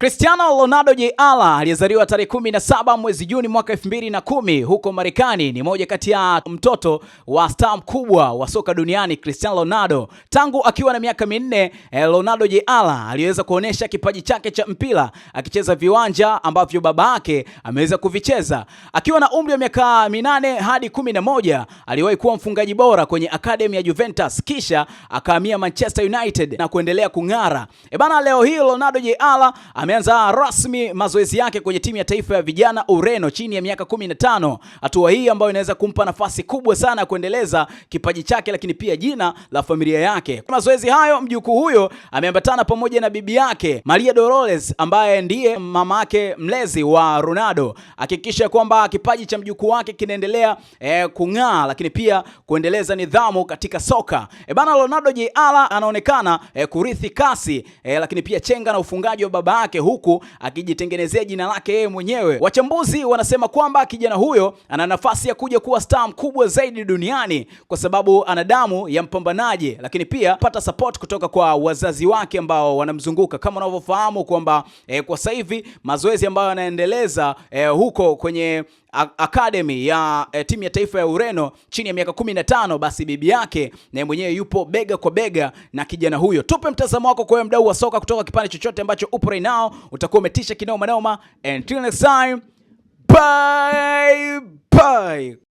Cristiano Ronaldo Jr aliyezaliwa tarehe 17 mwezi Juni mwaka 2010 huko Marekani ni moja kati ya mtoto wa star mkubwa wa soka duniani Cristiano Ronaldo. Tangu akiwa na miaka minne, eh, Ronaldo Jr aliweza kuonyesha kipaji chake cha mpira akicheza viwanja ambavyo baba yake ameweza kuvicheza. Akiwa na umri wa miaka minane hadi 11 aliwahi kuwa mfungaji bora kwenye akademi ya Juventus, kisha akahamia Manchester United na kuendelea kung'ara. Ebana, eh, leo hii Ronaldo Jr ameanza rasmi mazoezi yake kwenye timu ya taifa ya vijana Ureno chini ya miaka 15. Hatua hii ambayo inaweza kumpa nafasi kubwa sana ya kuendeleza kipaji chake, lakini pia jina la familia yake. mazoezi hayo, mjukuu huyo ameambatana pamoja na bibi yake Maria Dolores ambaye ndiye mamake mlezi wa Ronaldo, hakikisha kwamba kipaji cha mjukuu wake kinaendelea eh, kung'aa, lakini pia kuendeleza nidhamu katika soka. E bana, Ronaldo JR anaonekana eh, kurithi kasi eh, lakini pia chenga na ufungaji wa baba yake wake huku akijitengenezea jina lake yeye mwenyewe. Wachambuzi wanasema kwamba kijana huyo ana nafasi ya kuja kuwa star mkubwa zaidi duniani kwa sababu ana damu ya mpambanaji, lakini pia pata support kutoka kwa wazazi wake ambao wanamzunguka kama unavyofahamu kwamba eh, kwa sasa hivi mazoezi ambayo anaendeleza eh, huko kwenye academy ya e, timu ya taifa ya Ureno chini ya miaka 15, basi bibi yake na mwenyewe yupo bega kwa bega na kijana huyo. Tupe mtazamo wako, kwa mdau wa soka kutoka kipande chochote ambacho upo right now, utakuwa umetisha kinoma noma. Until next time, bye bye.